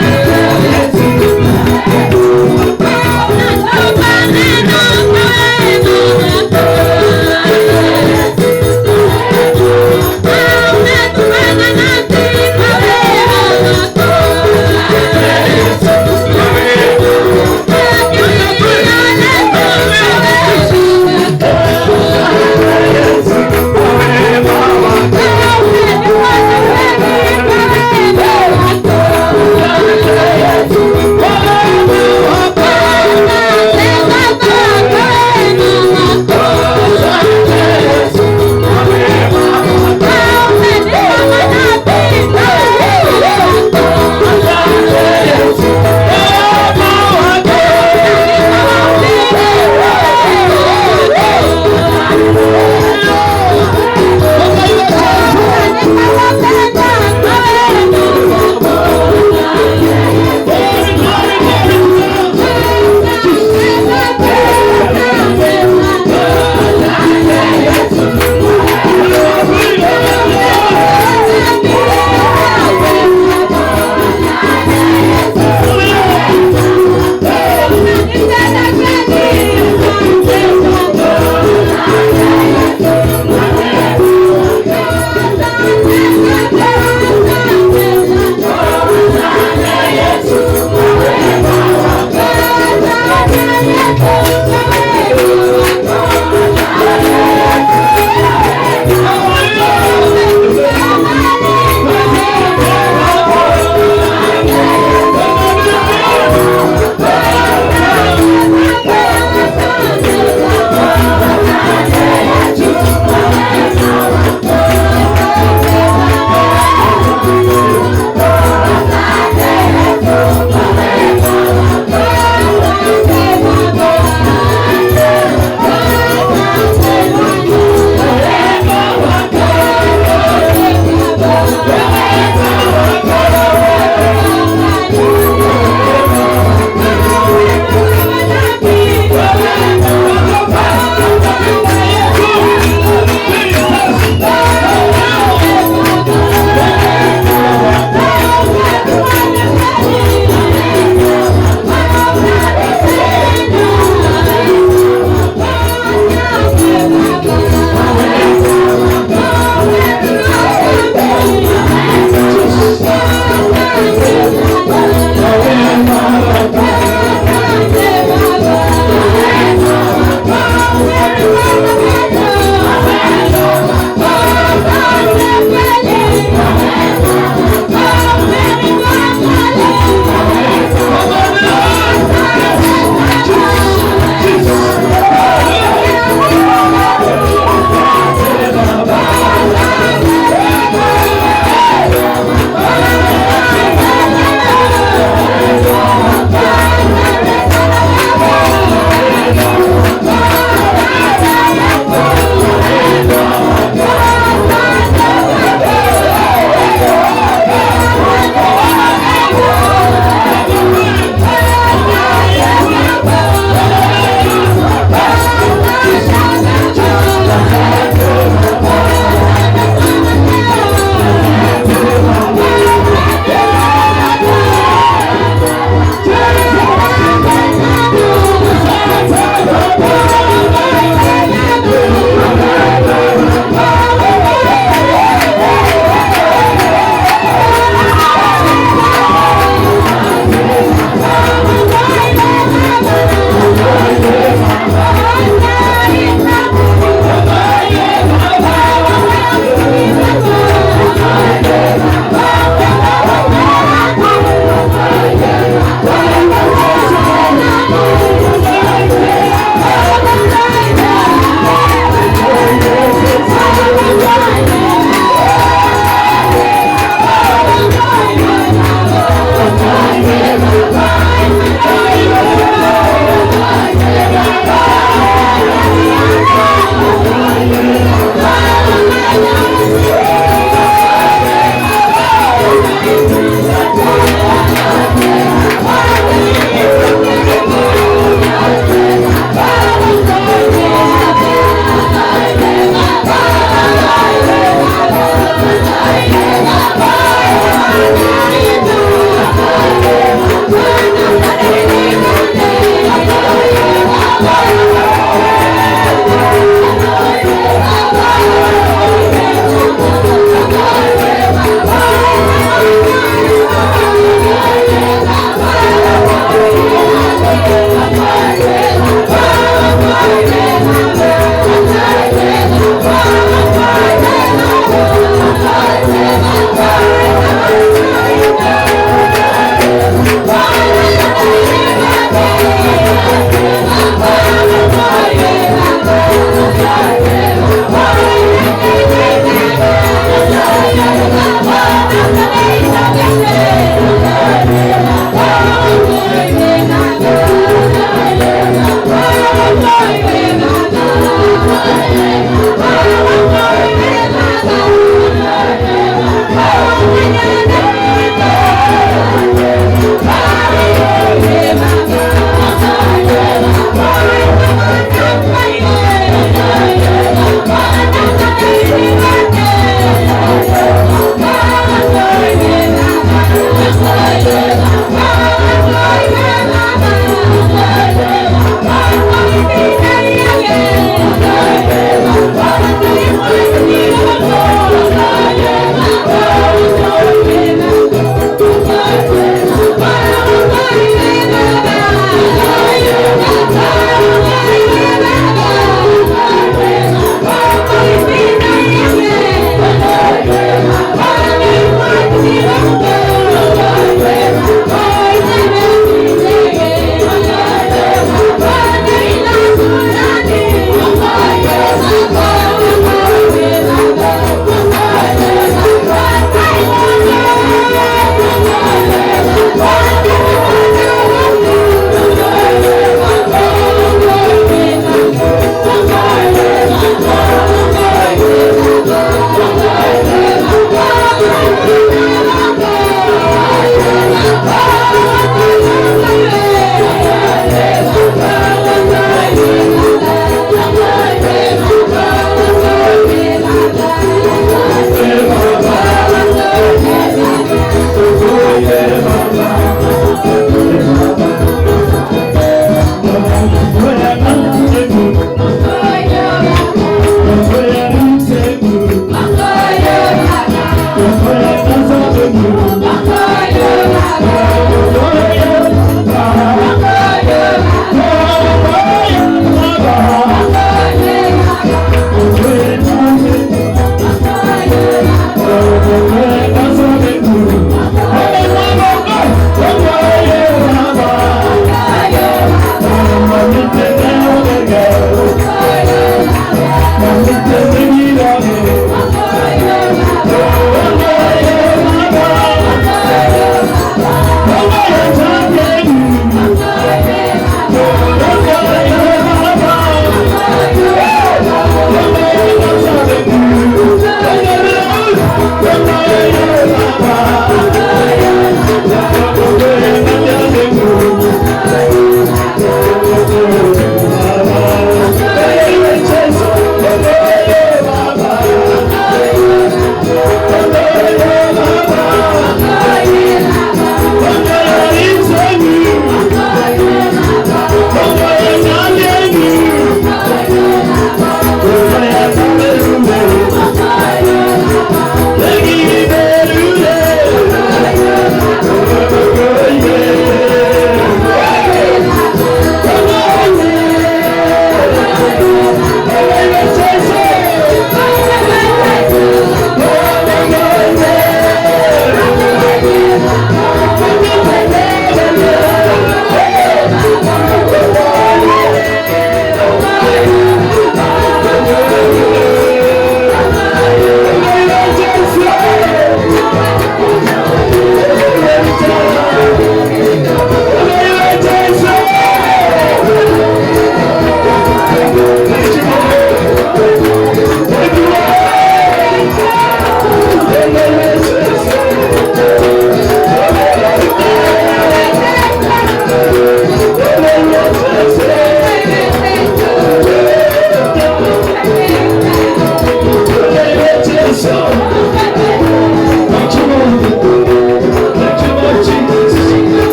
Thank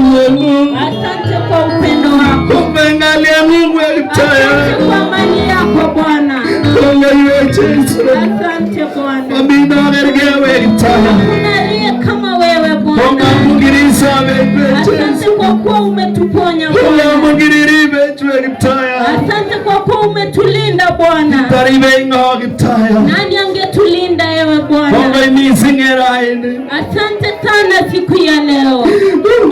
Mungu. Asante kwa upendo wako. Kumbe ndani ya Mungu Kwa amani yako Bwana. Kumbe Yesu. Asante Bwana. Mabida wagergewe yalitayari. Hakuna aliye kama wewe Bwana. Kumbe mungiriza wewe. Asante kwa kuwa umetuponya Bwana. Kumbe mungiriri wetu yalitayari. Asante kwa kuwa umetulinda Bwana. Karibe ingawa kitaya. Nani angetulinda ewe Bwana? Kumbe mizingera ende. Asante sana siku ya leo.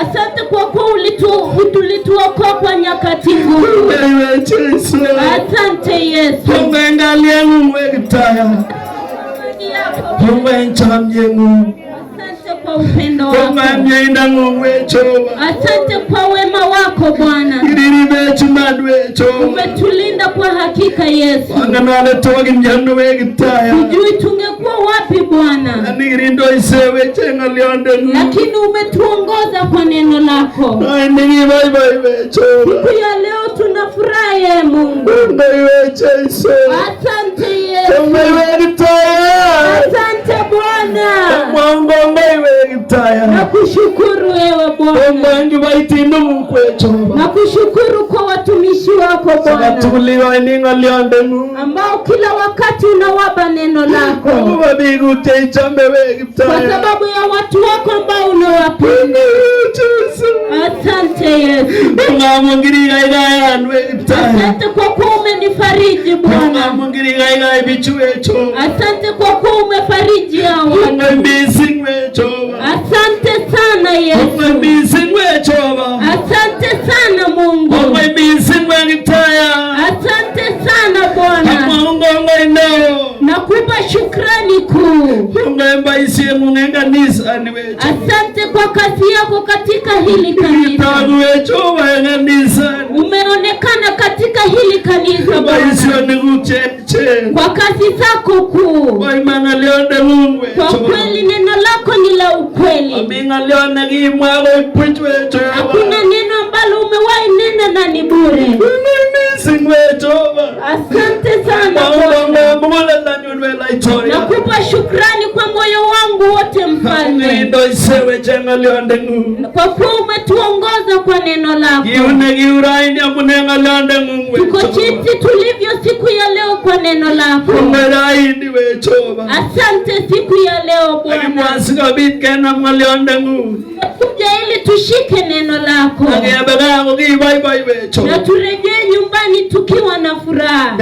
Asante kwa kuwa ulituokoa kwa nyakati ngumu. Asante Yesu. Mungu, angalia Mungu, Mungu, Mungu, Mungu, Mungu, kwa upendo wako. Asante kwa wema wako Bwana, umetulinda kwa hakika Yesu. Sijui tungekuwa wapi Bwana, lakini umetuongoza kwa neno lako. Siku ya leo tunafurahi ee Mungu. Asante Yesu. Asante Bwana mtaya nakushukuru wewe Bwana omwengi waitimbe mukwecho nakushukuru kwa watumishi wako Bwana tulio ningo liande mu ambao kila wakati unawapa neno lako bigu teicha mbewe mtaya kwa sababu ya watu wako ambao unawapenda asante Yesu ungamungirira ilaya ya anwe mtaya asante kwa kuwa umenifariji Bwana mungiri ungamungirira ya bichu echo. asante kwa kwa umefariji hawa Bwana Yesu. Asante sana Mungu. Asante sana Bwana kwa shukrani kuu. Asante kwa kazi yako katika hili kanisa. Umeonekana katika hili kanisa kwa kazi zako kuu. Kwa kweli neno lako ni la ukweli. Hakuna neno ambalo umewahi nena na ni bure. Asante sana. Nakupa shukrani kwa moyo wangu wote Mfalme, kwa kuwa umetuongoza kwa neno lako. Tuko jinsi tulivyo siku ya leo kwa neno lako. Asante siku ya leo Bwana, kuja ili tushike neno lako na turejee nyumbani tukiwa na furaha.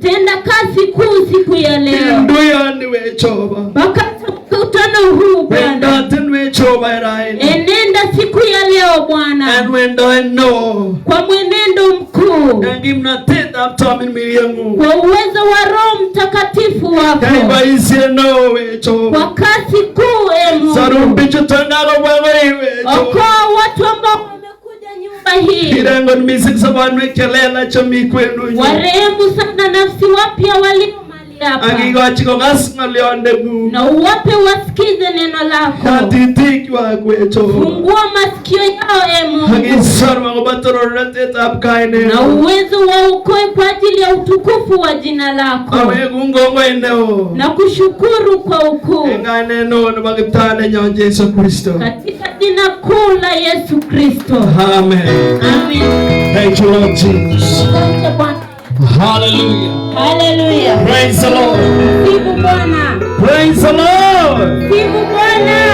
Tenda kazi kuu siku ya leo. Nduyani wechoba. Wakati mkutano huu Bwana. Wendaten wechoba eraini. Enenda siku ya leo Bwana. Enwendo eno. Kwa mwenendo mkuu. Nangi mnatenda mtamin miliangu. Kwa uwezo wa Roho Mtakatifu wako. Kaiba isi eno wechoba. Kwa kasi kuu e Mungu. Sarumbi chutangaro wewe wechoba. Okoa watu ambao Kirango nimesikiza wanu ekelela cha mikwenu. Warehemu sana nafsi wapya walio akikochikongas ng'olyondengung na wote wasikize neno lako natitiikwak wecho fungua masikio yao e Mungu akisorwa akobo torornatetab kainet na uwezo wa ukoe kwa ajili ya utukufu wa jina lako awekun kongoi neo na kushukuru kwa ukuu eng' kainet neo nebo kiptanenyo Jesu Kristo katika jina kuu la Yesu Kristo amen amen thank you Lord Jesus Hallelujah. Hallelujah. Praise the Lord. Sifu Bwana. Praise the Lord.